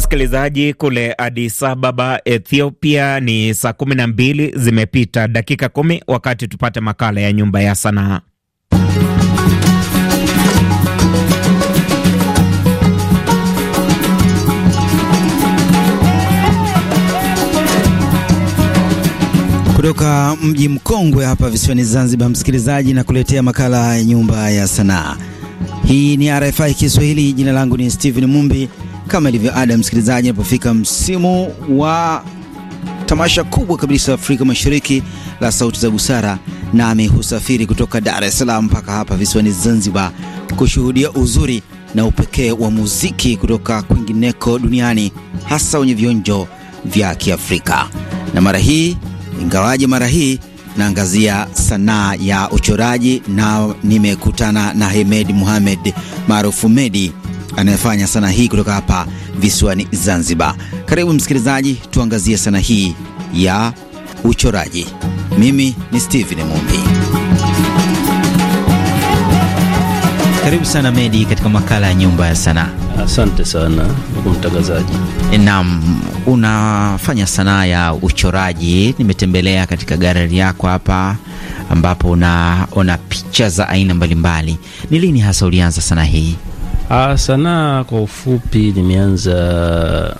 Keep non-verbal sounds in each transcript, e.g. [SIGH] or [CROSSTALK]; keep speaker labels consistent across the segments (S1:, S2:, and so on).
S1: Msikilizaji kule Addis Ababa, Ethiopia, ni saa kumi na mbili zimepita dakika kumi, wakati tupate makala ya nyumba ya sanaa. Kutoka mji mkongwe hapa visiwani Zanzibar, msikilizaji, na kuletea makala ya nyumba ya sanaa. Hii ni RFI Kiswahili. Jina langu ni Steven Mumbi kama ilivyo ada, msikilizaji, inapofika msimu wa tamasha kubwa kabisa Afrika Mashariki la Sauti za Busara, nami husafiri kutoka Dar es Salaam mpaka hapa visiwani Zanzibar kushuhudia uzuri na upekee wa muziki kutoka kwingineko duniani, hasa wenye vionjo vya Kiafrika. Na mara hii, ingawaje mara hii naangazia sanaa ya uchoraji, na nimekutana na Hemed Muhamed maarufu Medi anayefanya sanaa hii kutoka hapa visiwani Zanzibar. Karibu msikilizaji, tuangazie sanaa hii ya uchoraji. Mimi ni Steven Mumbi. Karibu sana Medi katika makala ya Nyumba ya Sanaa.
S2: Asante sana ndugu mtangazaji.
S1: Naam, unafanya sanaa ya uchoraji. Nimetembelea katika galeri yako hapa ambapo unaona picha za aina mbalimbali. Ni lini hasa ulianza sanaa hii?
S2: Ah, sanaa kwa ufupi nimeanza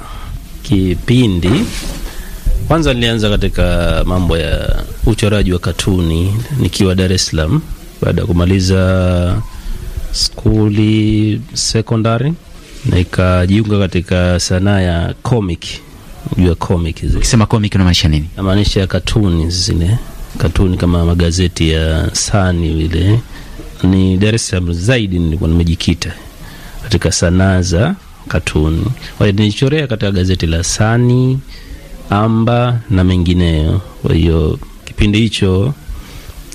S2: kipindi kwanza, nilianza katika mambo ya uchoraji wa katuni nikiwa Dar es Salaam baada ya kumaliza skuli secondary, nikajiunga katika sanaa ya comic. Unajua comic hizo, ukisema comic unamaanisha nini? Namaanisha katuni zile, katuni kama magazeti ya Sani vile. Ni Dar es Salaam zaidi nilikuwa nimejikita katika sanaa za katuni. Walinichorea katika gazeti la Sani, Amba na mengineyo. Kwa hiyo kipindi hicho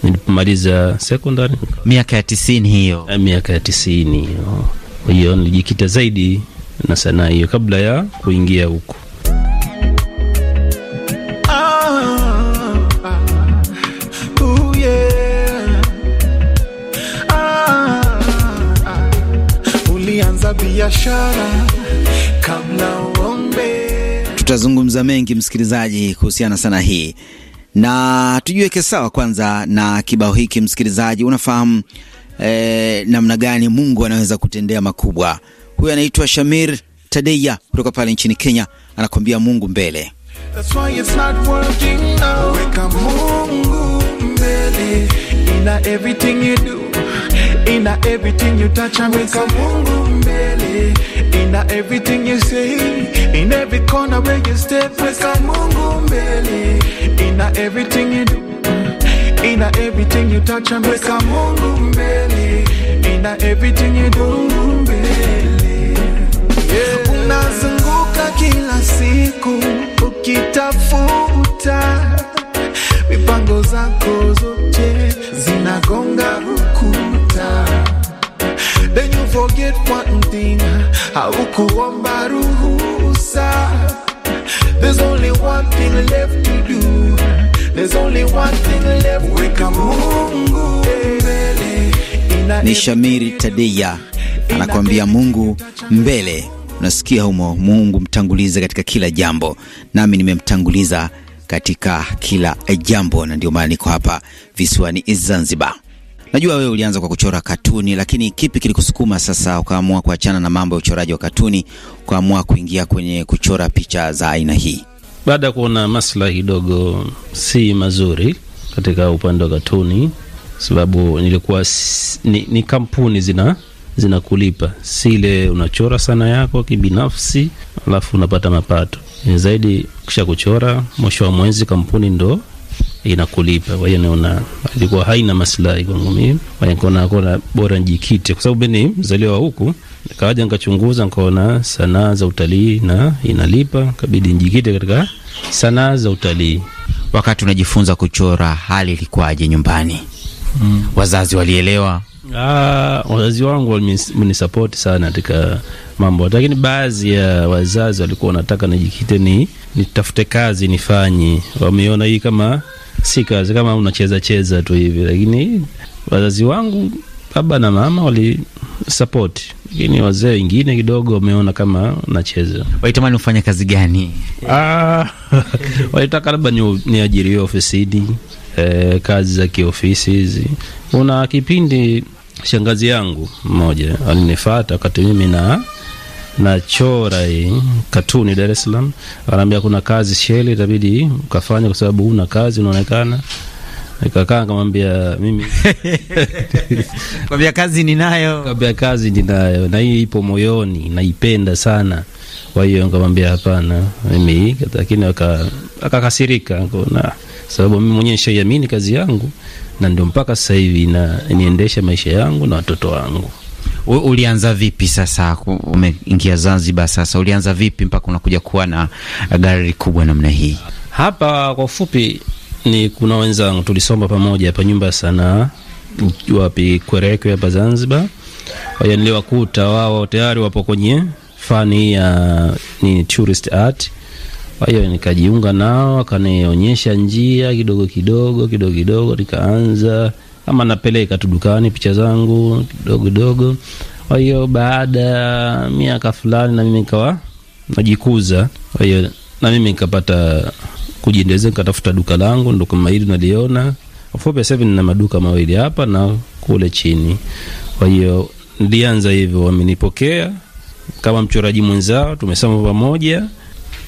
S2: nilipomaliza sekondari miaka ya tisini hiyo eh, miaka ya tisini hiyo, kwa hiyo nilijikita zaidi na sanaa hiyo kabla ya kuingia huko.
S3: biashara kabla
S1: uombe. Tutazungumza mengi msikilizaji, kuhusiana sana hii na tujiweke sawa kwanza na kibao hiki. Msikilizaji, unafahamu eh, namna gani Mungu anaweza kutendea makubwa. Huyu anaitwa Shamir Tadeya kutoka pale nchini Kenya, anakuambia Mungu mbele.
S3: That's why it's not in everything you touch, make a Mungu mbele. in everything you say, in every corner where you step, make a Mungu mbele. in everything you do, in everything you touch, make a Mungu mbele. in everything you do, mbele. Yeah. Unazunguka kila siku ukitafuta mipango zako zote zinagonga then you forget one thing, haukuomba ruhusa. There's only one thing left to do.
S1: There's only one thing left. Weka Mungu mbele. Ni Shamiri Tadeya anakuambia Mungu mbele. Unasikia humo, Mungu mtangulize katika kila jambo, nami nimemtanguliza katika kila jambo, na ndio maana niko hapa visiwani Zanzibar. Najua wewe ulianza kwa kuchora katuni, lakini kipi kilikusukuma sasa ukaamua kuachana na mambo ya uchoraji wa katuni ukaamua kuingia kwenye kuchora picha za aina hii?
S2: Baada ya kuona maslahi kidogo si mazuri katika upande wa katuni, sababu nilikuwa ni, ni kampuni zina zinakulipa si ile unachora sana yako kibinafsi, alafu unapata mapato zaidi. Kisha kuchora, mwisho wa mwezi kampuni ndo inakulipa. Kwa hiyo niona ilikuwa haina maslahi kwangu mimi, wanikona kona bora njikite, kwa sababu mimi mzaliwa huku. Nikaja nikachunguza nikaona sanaa za utalii na inalipa, kabidi njikite katika sanaa za utalii. Wakati unajifunza kuchora, hali ilikuwaje nyumbani? Mm. Wazazi
S1: walielewa?
S2: Ah, wazazi wangu wamenisapoti sana katika mambo, lakini baadhi ya wazazi walikuwa wanataka nijikite, ni nitafute kazi nifanye, wameona hii kama si kazi kama unacheza cheza tu hivi, lakini wazazi wangu baba na mama wali support, lakini wazee wengine kidogo wameona kama nacheza. Walitamani ufanya kazi gani? Ah, [LAUGHS] walitaka labda niajiriwe ofisini, eh, kazi za kiofisi hizi. Kuna kipindi shangazi yangu mmoja alinifuata wakati mimi na nachora hii katuni Dar es Salaam, anaambia kuna kazi sheli itabidi ukafanya kwa sababu huna kazi unaonekana Nikakaa kamwambia mimi [LAUGHS] kwambia kazi ninayo, kwambia kazi ninayo na hii ipo moyoni, naipenda sana. Kwa hiyo nikamwambia hapana, mimi lakini akakasirika, na sababu mimi mwenyewe nishaiamini kazi yangu, na ndio mpaka sasa hivi na niendesha maisha yangu na watoto wangu. U, ulianza vipi sasa, umeingia Zanzibar sasa, ulianza vipi mpaka unakuja kuwa na gari kubwa namna hii? Hapa kwa ufupi ni kuna wenzangu tulisoma pamoja hapa nyumba sana wapi Kwerekwe hapa Zanzibar. Kwa hiyo niliwakuta wao tayari wapo kwenye fani ya ni tourist art. Kwa hiyo nikajiunga nao, akanionyesha njia kidogo kidogo kidogo kidogo, nikaanza ama napeleka tu dukani picha zangu kidogo kidogo. Kwa hiyo baada ya miaka fulani na mimi nikawa najikuza, kwa hiyo na mimi nikapata kujiendeleza, nikatafuta duka langu, ndo kama hili naliona Fope 7 na maduka mawili hapa na kule chini. Kwa hiyo nilianza hivyo, wamenipokea kama mchoraji mwenzao, tumesoma pamoja,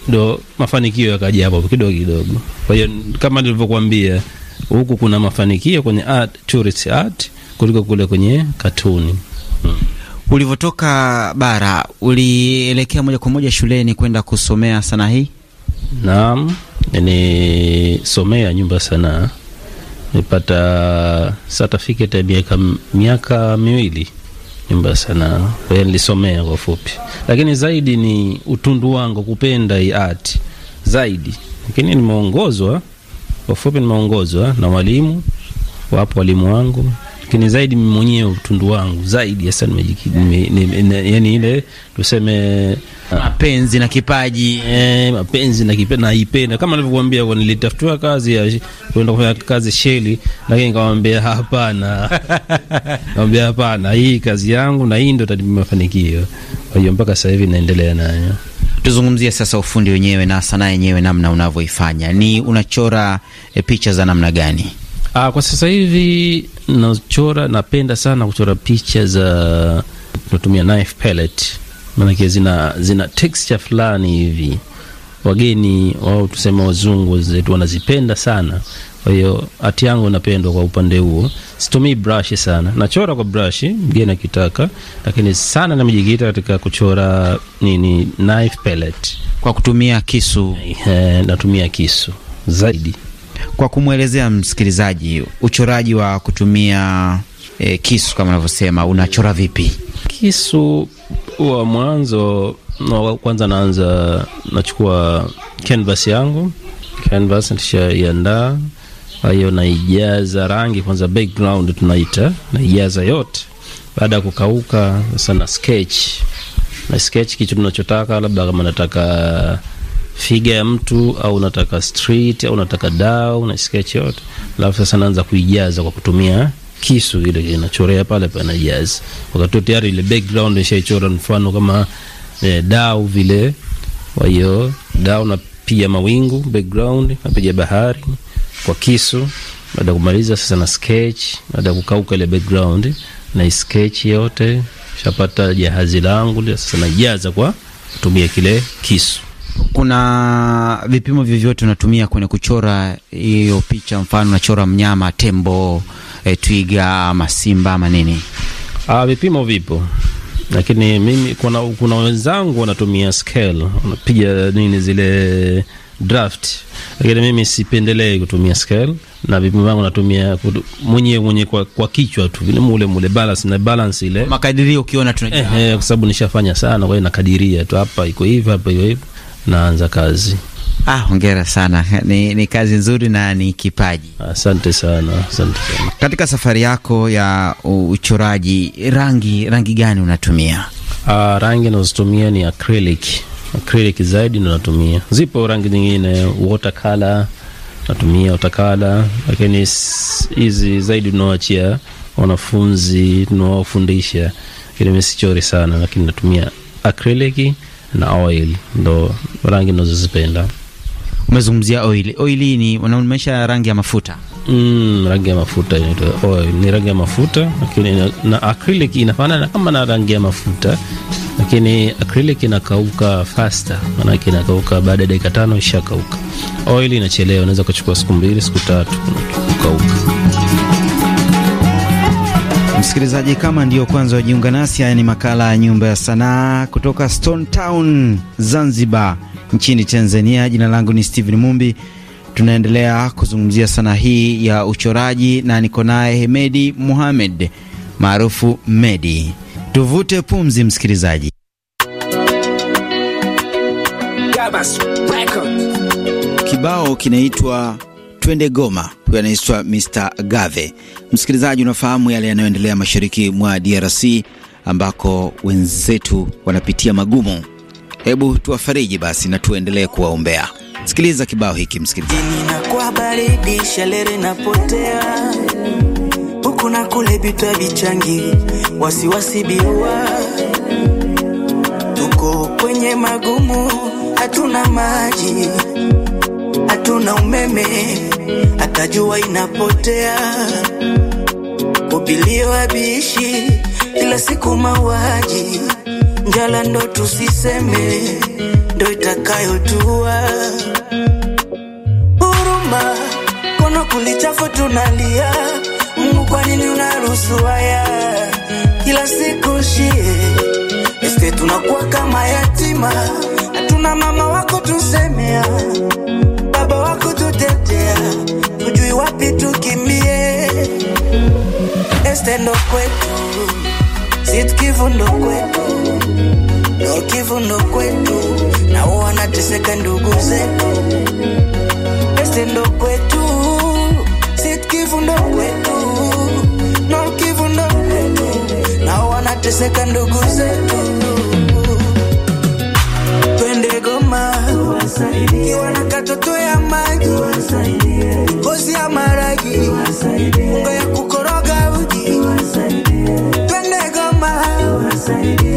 S2: ndo mafanikio yakaja hapo kidogo kidogo. Kwa hiyo kama nilivyokuambia huku kuna mafanikio kwenye art, tourist art kuliko kule kwenye katuni hmm. Ulivyotoka bara ulielekea
S1: moja kwa moja shuleni kwenda kusomea sanaa hii?
S2: Naam, nilisomea nyumba sanaa, nipata certificate ya miaka miaka miwili nyumba sanaa. Kwa hiyo nilisomea kwa fupi, lakini zaidi ni utundu wangu kupenda hii art zaidi, lakini nimeongozwa kwa ufupi, nimeongozwa ah, na walimu, wapo walimu wangu, lakini zaidi mimi mwenyewe utundu wangu zaidi hasa yani ile tuseme ah, mapenzi na kipaji eh, mapenzi na kipaji na ipenda, kama nilivyokuambia, kwa nilitafutiwa kazi ya kwenda kufanya kazi Sheli, lakini nikamwambia hapana, [LAUGHS] nikamwambia hapana, hii kazi yangu na hii ndio itanipa mafanikio. Kwa hiyo mpaka sasa hivi naendelea nayo. Tuzungumzie sasa ufundi wenyewe na sanaa yenyewe, namna unavyoifanya ni unachora
S1: e, picha za namna gani?
S2: Aa, ah, kwa sasa hivi nachora, napenda sana kuchora picha za tunatumia knife palette, maanake zina, zina texture fulani hivi wageni wao tuseme wazungu zetu wanazipenda sana kwa hiyo hati yangu napendwa kwa upande huo, situmii brush sana, nachora kwa brush mgeni akitaka, lakini sana namejikita katika kuchora nini, knife pellet kwa kutumia kisu. E, natumia kisu zaidi.
S1: Kwa kumwelezea msikilizaji, uchoraji wa kutumia e, kisu kama unavyosema, unachora vipi?
S2: Kisu wa mwanzo no, kwanza naanza nachukua canvas yangu, canvas nishaiandaa kwa hiyo naijaza rangi kwanza, background tunaita, naijaza yote. Baada ya kukauka sasa, na sketch na sketch kitu tunachotaka, labda kama nataka figa ya mtu au nataka street au nataka dao, na sketch yote, alafu sasa naanza kuijaza kwa kutumia kisu ile inachorea pale pale, naijaza wakati tayari ile background ishaichora mfano kama eh, dao vile. Kwa hiyo dau napiga mawingu background, napiga bahari kwa kisu, baada ya kumaliza sasa na sketch, baada ya kukauka ile background na sketch yote, shapata jahazi langu sasa, najaza kwa kutumia kile kisu.
S1: Kuna vipimo vyovyote unatumia kwenye kuchora hiyo picha? Mfano unachora mnyama tembo, e, twiga ama simba ama
S2: nini? Ah, vipimo vipo lakini mimi kuna, kuna wenzangu wanatumia scale, wanapiga nini zile draft, lakini mimi sipendelei kutumia scale na vipimo vyangu natumia mwenyewe mwenye kwa, kwa kichwa tu vile mule mule balance na balance ile makadirio ukiona tunajua eh, eh, kwa sababu nishafanya sana, kwa hiyo nakadiria tu hapa iko hivi hapa iko hivi, naanza kazi. Ah, hongera sana. Ni, ni kazi nzuri
S1: na ni kipaji. Asante sana, asante sana. Katika safari yako ya
S2: uchoraji rangi rangi gani unatumia? Ah, rangi nazotumia ni acrylic acrylic zaidi ndo natumia. Zipo rangi nyingine watercolor natumia watercolor, lakini hizi zaidi tunaoachia wanafunzi tunawafundisha, lakini misichori sichori sana, lakini natumia acrylic na oil, ndo rangi nazozipenda. Umezungumzia oili. Oil ni unaonesha rangi ya mafuta Mm, rangi ya mafuta inaitwa oil. Ni rangi ya mafuta lakini na acrylic inafanana kama na rangi ya mafuta lakini acrylic inakauka faster, maanake inakauka baada ya dakika tano ishakauka. Oil inachelewa, unaweza kuchukua siku mbili siku tatu kukauka.
S1: Msikilizaji, kama ndiyo kwanza wajiunga nasi, haya ni makala ya Nyumba ya Sanaa kutoka Stone Town, Zanzibar, nchini Tanzania. Jina langu ni Steven Mumbi. Tunaendelea kuzungumzia sanaa hii ya uchoraji na niko naye Hemedi muhamed maarufu Medi. Tuvute pumzi, msikilizaji. Kibao kinaitwa Twende Goma, huyo anaitwa Mr Gave. Msikilizaji, unafahamu yale yanayoendelea mashariki mwa DRC ambako wenzetu wanapitia magumu. Hebu tuwafariji basi na tuendelee kuwaombea. Sikiliza kibao hiki msikilizaji.
S3: Inakuwa baridi, shalere napotea huku na kule, bitwa vichangi, wasiwasi biua, tuko kwenye magumu, hatuna maji, hatuna umeme, atajua inapotea, kupiliwa bishi, kila siku mauaji, njala ndo tusiseme, ndo itakayotua mama, kono kulichafu tunalia. Mungu, kwa nini unaruhusu haya kila siku? Shie este tunakuwa kama yatima, hatuna mama wako tusemea, baba wako tutetea, tujui wapi tukimbie. Este ndo kwetu, Sud ndo kwetu, ndo Kivu ndo kwetu, na wanateseka ndugu zetu kitendo kwetu, si kivundo kwetu, no kivundo kwetu, nao wanateseka ndugu zetu. Twende Goma, kiwa na katoto ya maji, ngozi ya maragi, unga ya kukoroga uji. Twende Goma,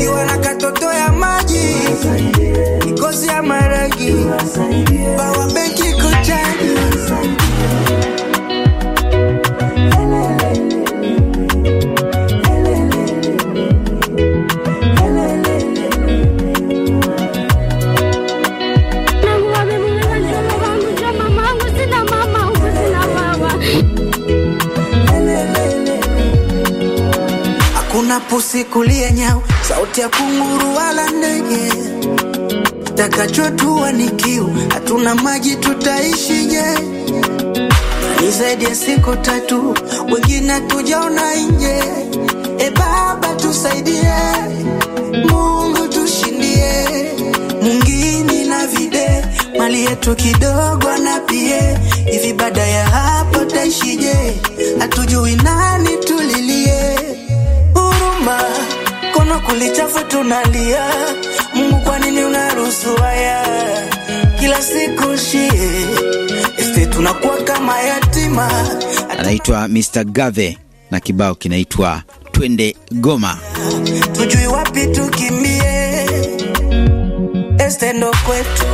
S3: kiwa na katoto ya maji, ngozi ya maragi ya nyau, sauti ya kunguru wala ndege. Takachotua ni kiu, hatuna maji tutaishije? Ni zaidi ya siku tatu, wengine tujaona nje. E Baba tusaidie, Mungu tushindie, mungini na vide mali yetu kidogo na pie hivi, baada ya hapo taishije? Hatujui nani tulilie huruma kulichafu tunalia. Mungu, kwa nini unaruhusu haya kila siku? Shie este tunakuwa kama yatima.
S1: Anaitwa Mr Gave na kibao kinaitwa Twende Goma,
S3: tujui wapi tukimbie, este ndo kwetu.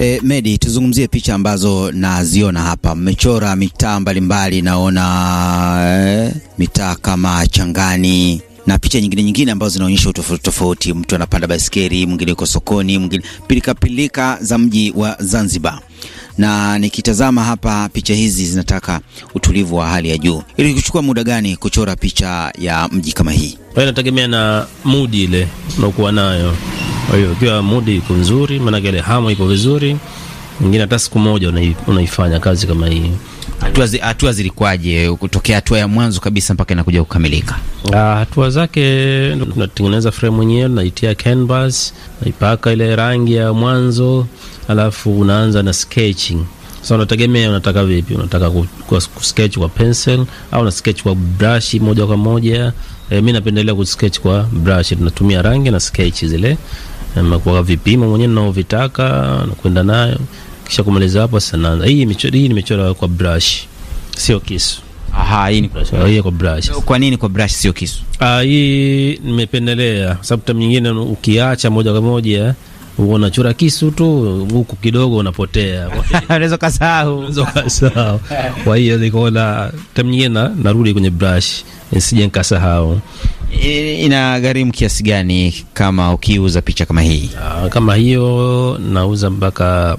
S1: E, Medi, tuzungumzie picha ambazo naziona hapa. Mmechora mitaa mbalimbali, naona e, mitaa kama Changani na picha nyingine nyingine ambazo zinaonyesha utofauti tofauti. Mtu anapanda baskeli, mwingine yuko sokoni, mwingine pilikapilika za mji wa Zanzibar. Na nikitazama hapa, picha hizi zinataka utulivu wa hali ya juu. Ili kuchukua muda gani kuchora picha ya
S2: mji kama hii? Inategemea na mudi ile unaokuwa nayo. Kwa hiyo ukiwa mudi iko nzuri, maanake ile hamu iko vizuri, mwingine hata siku moja unaifanya kazi kama hii. Hatua zilikuwaje kutokea hatua ya mwanzo kabisa mpaka inakuja kukamilika? Ah, hatua zake, tunatengeneza frame mwenyewe, naitia canvas, naipaka ile rangi ya mwanzo, alafu unaanza na sketching. Sasa so, unategemea unataka vipi, unataka kusketch kwa pencil au na sketch kwa brush moja kwa moja. E, mi napendelea kusketch kwa brush, tunatumia rangi na sketch zile kwa vipimo mwenyewe vitaka na kwenda nayo kisha kumaliza hapo sasa naanza. Hii michoro hii nimechora kwa brush, sio kisu. Aha, hii ni brush. Hii kwa brush. Kwa nini kwa brush sio kisu? Ah, hii nimependelea sababu tam nyingine ukiacha moja kwa moja unachora kisu tu huku kidogo unapotea, [LAUGHS] unaweza kasahau, unaweza kasahau. Kwa hiyo nikaona tam nyingine narudi kwenye brush nisije nikasahau. Ina gharimu kiasi gani kama ukiuza picha kama hii? Aa, ah, kama hiyo nauza mpaka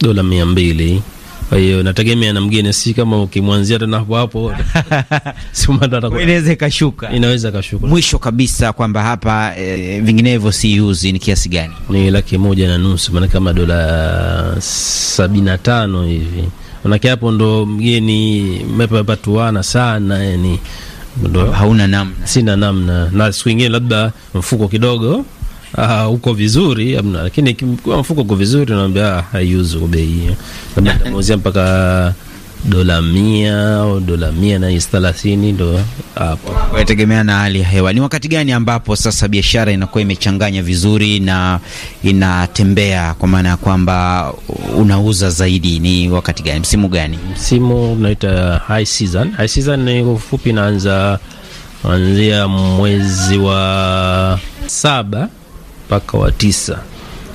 S2: dola mia mbili kwa hiyo nategemea na mgeni, si kama ukimwanzia tena hapo hapo [LAUGHS] inaweza ikashuka, inaweza kashuka mwisho kabisa kwamba hapa e, vinginevyo siuzi. Ni kiasi gani? Ni laki moja na nusu, maana kama dola sabini na tano hivi, maanake hapo ndo mgeni mepapatuana sana, yani ndo hauna namna, sina namna, na siku ingine labda mfuko kidogo uh, uko vizuri amna, lakini kwa mfuko uko vizuri, unaambia ah, haiuzi bei, labda nitamuuzia mpaka dola mia au dola mia na thelathini ndo hapo, inategemea
S1: na hali ya hewa. Ni wakati gani ambapo sasa biashara inakuwa imechanganya vizuri na inatembea, kwa maana ya kwamba unauza zaidi? Ni wakati gani, msimu gani?
S2: Msimu unaita high season. High season ni ufupi, inaanza kuanzia mwezi wa saba mpaka wa tisa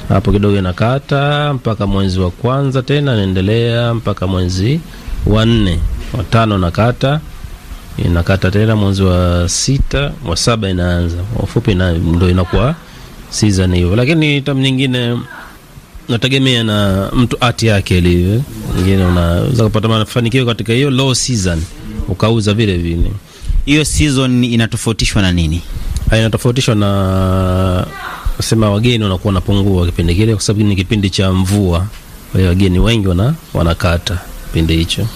S2: hapo kidogo inakata mpaka mwezi wa kwanza, tena inaendelea mpaka mwezi wa nne, wa tano nakata inakata tena mwezi wa sita, wa saba inaanza. ufupi na ndo inakuwa season hiyo, lakini tam nyingine nategemea na mtu ati yake ilivyo. Nyingine unaweza kupata mafanikio katika hiyo low season ukauza vile vile. Hiyo season inatofautishwa na nini? Ah, inatofautishwa na kusema wageni wanakuwa wanapungua kipindi kile, kwa sababu ni kipindi cha mvua. Kwa hiyo wageni wengi wana wanakata kipindi hicho.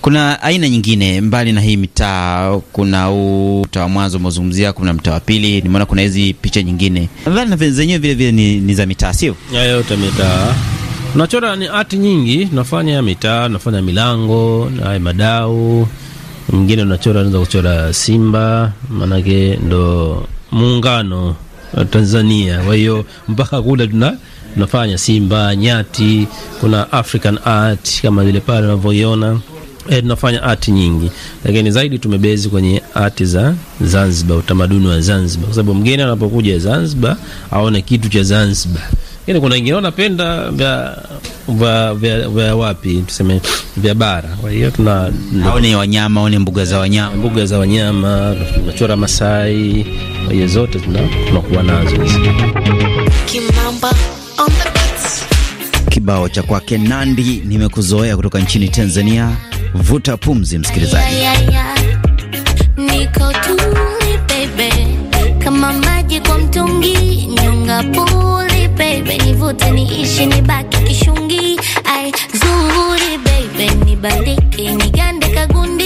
S2: Kuna aina nyingine mbali na hii mitaa, kuna huu mtaa wa mwanzo
S1: umezungumzia, kuna mtaa wa pili, nimeona kuna hizi picha nyingine, nadhani na zenyewe vile vile ni, ni za mitaa,
S2: sio yote mitaa tunachora ni hati nyingi, tunafanya mitaa, tunafanya milango na madau mwingine, tunachora, tunaweza kuchora simba, maanake ndo muungano Uh, Tanzania. Kwa hiyo mpaka kule tuna tunafanya Simba, Nyati, kuna African art kama vile pale unavyoiona. E, tunafanya art nyingi, lakini zaidi tumebezi kwenye art za Zanzibar, utamaduni wa Zanzibar, kwa sababu mgeni anapokuja Zanzibar aone kitu cha Zanzibar. Lakini kuna wengine wanapenda vya, vya, vya, vya wapi tuseme vya bara. Kwa hiyo tuna aone wanyama, aone mbuga za wanyama, mbuga za wanyama, tunachora Masai hiyo zote tunakuwa nazo hizi.
S1: Kibao cha kwake Nandi nimekuzoea kutoka nchini Tanzania. Vuta pumzi, msikilizaji.
S3: yeah, yeah, yeah. Niko tu baby, kama maji kwa mtungi, nyonga puli baby, nivute niishi, nibaki kishungi, ai zuri baby, nibandike nigande kagundi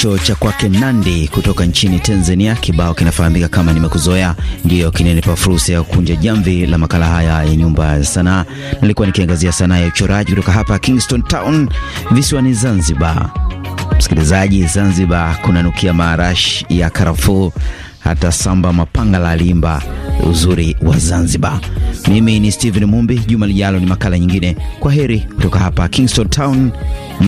S1: hicho cha kwake Nandi kutoka nchini Tanzania. Kibao kinafahamika kama Nimekuzoea ndiyo kinanipa fursa ya kukunja jamvi la makala haya ya Nyumba ya Sanaa. Nilikuwa nikiangazia sanaa ya uchoraji kutoka hapa Kingston Town visiwani Zanzibar. Msikilizaji, Zanzibar kunanukia marash ya karafuu, hata Samba la limba uzuri wa Zanzibar. Mimi ni Steven Mumbi. Juma lijalo ni makala nyingine. Kwa heri kutoka hapa Kingston Town.